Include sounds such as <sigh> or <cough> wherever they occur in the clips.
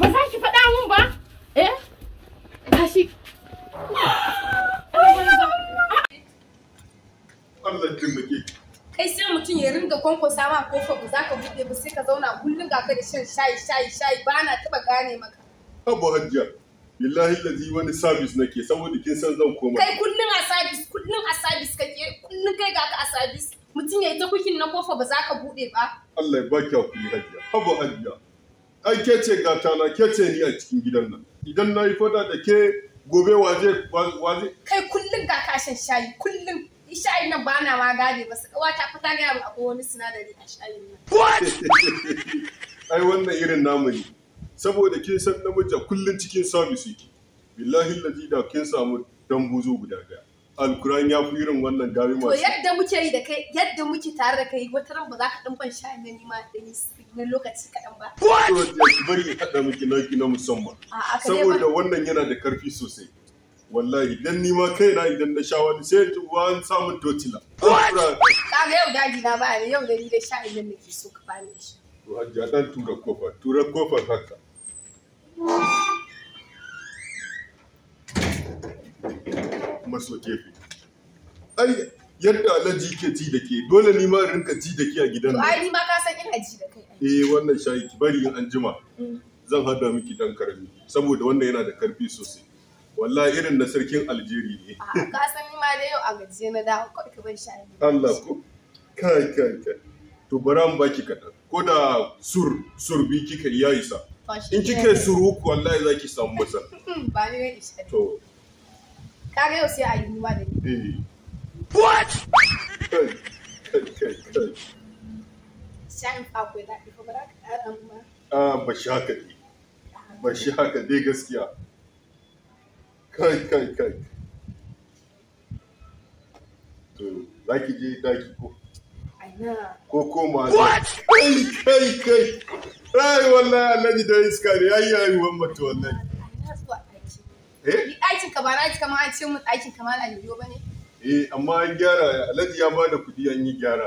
Ba za ki faɗa mun ba? Eh? Tashi. Kai sai mutum ya ringa kwankwasa ma kofa ba za ka buɗe ba sai ka zauna kullum ga ka da shan shayi shayi shayi ba na taɓa gane maka. Abu hajjiya billahi lazi wani sabis nake saboda kin san zan koma. Kai kullum a sabis, kullum a sabis kake, kullum kai ga ka a sabis. mutum ya yi ta kukin na kofa ba za ka buɗe ba. Allah ya baki hakuri hajiya, haba hajiya. Ai ke ce ga tana ke ce ni a cikin gidan nan. Idan na yi fada da ke gobe waje waje. Kai kullum ga kashin shayi kullum. Shayin nan ba na ma gane ba su kawa ta fita gaya ba akwai wani sinadari a shayin nan. What? <laughs> Ai wannan irin namu ne. Saboda kin san namiji kullum cikin sabis yake. Billahi ladi da kin samu dambuzo guda daya. alkuran ya fi irin wannan gami masu. To yadda muke yi da kai, yadda muke tare da kai, wata ran ba za ka ɗan ban sha na nima da ni na lokaci kaɗan ba. To Bari ya haɗa miki nauki na musamman. Saboda wannan yana da karfi sosai. Wallahi idan ni ma kai na idan na sha wani sai ta uwa an samun totila. Kaga yau daji na ba yau da ni da sha idan nake so ka bani shi. To hajji a ɗan tura kofa, tura kofar haka. maso gefe ai yadda alaji ke ji da ke dole ni ma rinka ji da ke a gidan nan ai ni ma ka san ina ji da kai eh wannan shayi ki bari in an jima mm. zan hada miki dan karami saboda wannan yana da karfi sosai wallahi irin na sarkin aljeri ne ka san ni ma da yau a gaje na da ko ki ban shayi Allah ku kai kai kai to bara mu baki kadan ko da sur sur bi kika yayi sa in kike suru wallahi zaki samu masa <laughs> ba ni ne to kaga yau sai a yi Kai, da kai, eh. what sha'in kai, kai. ko kai, kai. Ah, haka ne haka dai gaskiya kai kai kai to za ki je daki ko ko koma kai kai kai ai wallahi annabi da iska ne ai yayi wannan to wallahi Eh? Ɗakin ka ba na ji kamar an ce mun ɗakin kamar na yiwu ba ne? Eh, amma an gyara Alhaji ya ba da kuɗi an yi gyara.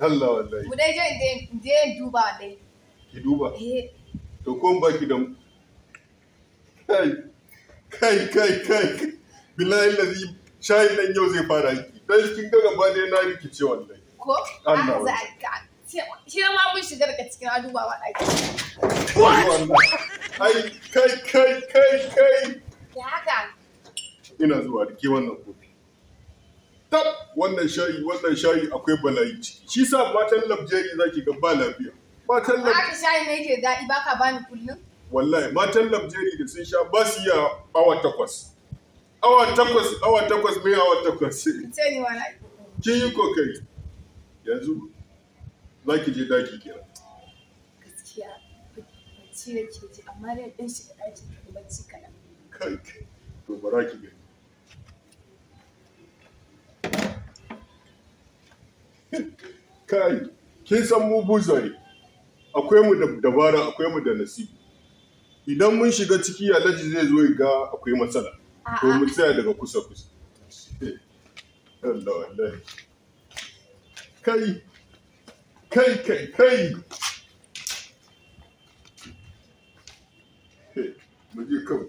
Allah wallahi. Mu dai je in je in duba dai. Ki duba? Eh. To ko ba ki da Kai kai kai kai. da lazi shayin nan yau zai fara aiki. Dan kin ga gaba ne na rikice wallahi. Ko? Allah wallahi. Shi ma mun shigar ka cikin adubawa ɗaki. Ai kai kai kai kai. Ina zuwa rike wannan kofi. Tab wannan shayi wannan shayi akwai bala'i ciki. Shi sa matan labjeri zaki ga ba lafiya. Matan labjeri. Haka shayi ne ke daɗi ba ka bani kullum. Wallahi matan labjeri da sun sha ba su iya awa takwas. Awa takwas awa takwas mai awa takwas. Ce ni wala. Kin yi kokari. Yanzu za ki je daki kenan. Gaskiya bacci ke ji amma dai ɗan shiga ɗaki bacci kaɗan. kai to bara ki gani <laughs> kai kin san mu buzaye akwai mu da dabara akwai mu da nasibi idan mun shiga ciki alhaji zai zo ya ga akwai matsala to mu tsaya daga kusa kusa Allah wallahi kai kai kai kai mu je kawai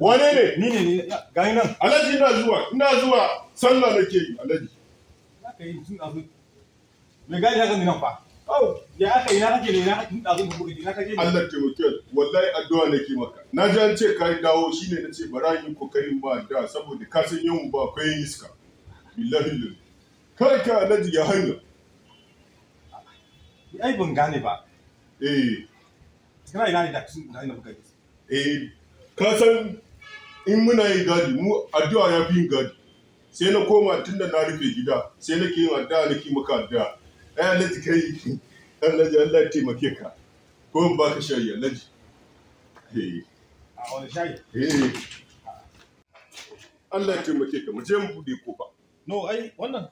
wane ne ni ne alhaji ina zuwa ina zuwa sallah nake yi alhaji yi tun azu me gani haka nan fa au ya aka ina kake ne ina tun azu ku ina kake ne Allah taimake wallahi addu'a nake maka na ji an ce kai dawo shine nace bara yi kokarin ba da saboda ka san yau ba kai iska billahi kai ka alhaji ya hanya ai ban gane ba eh kana ina da tun ina buga eh ka san in muna yin gadi mu addu'a ya fi yin gadi sai na koma tun da na rufe gida sai nake yin addu'a nake maka addu'a ai alhaji kai alhaji Allah ya taimake ka ko in baka shayi alhaji eh a wani shayi eh Allah ya taimake ka mu je mu bude kofa no ai wannan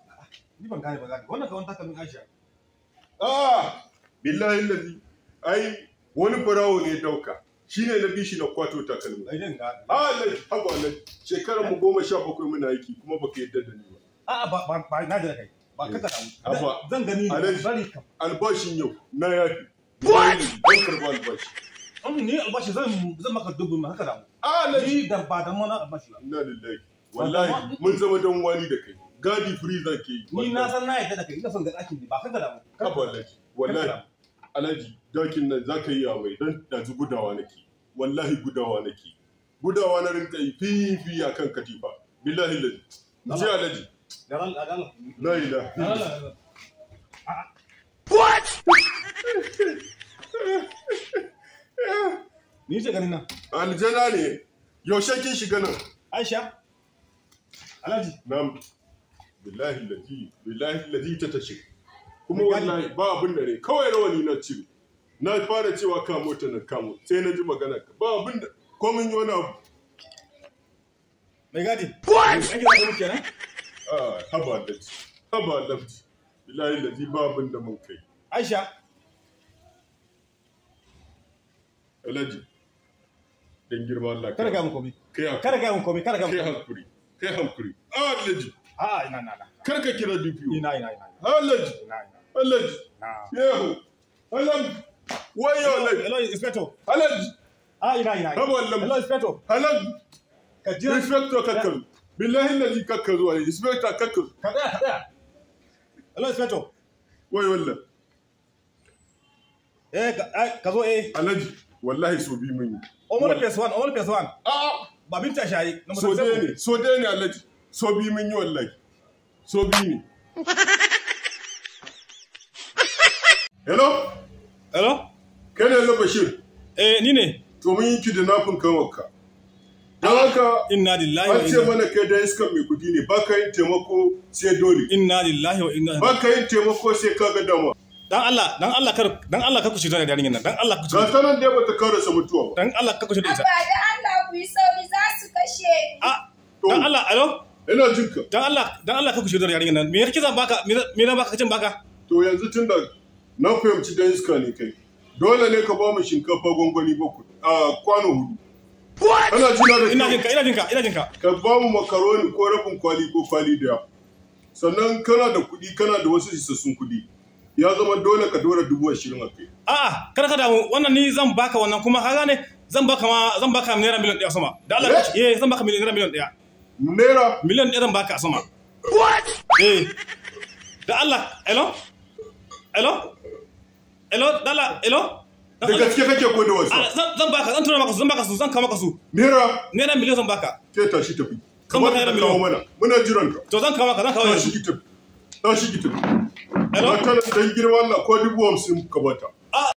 ni ban gane ba gane wannan ka wanta kamin Aisha ah billahi lazi ai wani farawo ne dauka shi ne na bishi na kwato takalmi ala ah, nan haba nan shekarar mu goma sha bakwai muna aiki kuma baka yadda da ni ba a'a ba ba ba na da kai ba ka tara eh, zan gani ne bari ka albashin yau na yafi what don karba albashi amma ne albashi zan zan maka dubu ma haka da mu a ah, nan ni da ba da mana albashi ba na lillahi wallahi mun zama dan wani da kai gadi free zan ke yi ni na san na yadda da kai ina son ga dakin ne ba ka da mu ka wallahi wallahi alaji dakin nan za ka yi amai don ɗazu gudawa nake wallahi gudawa nake gudawa na rinka yi fifi a kan katifa billahi laji ji alaji la what <laughs> ni ce ganin nan aljana ne yaushe kin shiga nan aisha alhaji na'am billahi laji billahi laji ta tashi kuma wallahi ba abin da ne kawai rawani na cire na fara cewa kamo ta na kamo sai na ji magana ka ba abin da komin yi wani abu mai gadi what ake da muke na ah, haba lafti haba lafti bilahi lafi ba abin da mun kai aisha alhaji dan girma Allah kada ga mun kada ga mun kada ga mun hankuri kai hankuri ah alhaji ina na kar ka kira DPO ina ina ina alhaji ji na yahu بالله الذي ككل وي اسبكت ككل كذا الله يسمعته وي ولا ايه كذا ايه الله والله سوبي مني عمر بيسوان عمر بيسوان اه بابين تشاي سوديني سوديني الله سوبي مني والله سوبي مني هلو Hello? Kai ne na Bashir? Eh, ni ne. To mun yi kidnapping kan wakka. Don haka inna lillahi wa inna mana kai da iskan mai kudi ne ba ka yin taimako sai dole. Inna lillahi wa inna Ba ka yin taimako sai ka ga dama. Dan Allah, dan Allah kar dan Allah ka kuce da yarinyar nan. Dan Allah kuce. Ga sanan da bata sa mutuwa ba. Dan Allah ka shi. da ita. Ba da Allah ku yi sauri za su kashe ni. Ah, dan Allah, alo? Ina jinka. Dan Allah, dan Allah ka kuce da yarinyar nan. Me yake zan baka? Me na baka kacin baka? To yanzu tun da na fahimci don iska ne kai dole ne ka ba mu shinkafa gwangwani bakwai a kwano hudu ina jinka ina jinka ina jinka ka ba mu makaroni ko rabin kwali ko kwali daya sannan kana da kuɗi kana da wasu isassun kuɗi ya zama dole ka dora dubu ashirin a kai a'a kada ka damu wannan ni zan baka wannan kuma ka gane zan baka ma zan baka naira miliyan ɗaya sama da Allah eh, eh zan baka naira miliyan ɗaya naira miliyan ɗaya zan baka sama what eh da Allah hello hello Elo, dala, elo? Da gaske kake ko da wasu? Ah, zan baka, zan tura maka su, zan baka su, zan kawo maka su. Naira? Naira miliyan zan baka. Ke tashi tafi. Zan baka naira miliyan. Muna muna jiran ka. To zan kama ka zan kawo shi Tashi tafi. Tashi tafi. Elo? Matan dan girma Allah ko dubu hamsin ka bata. Ah.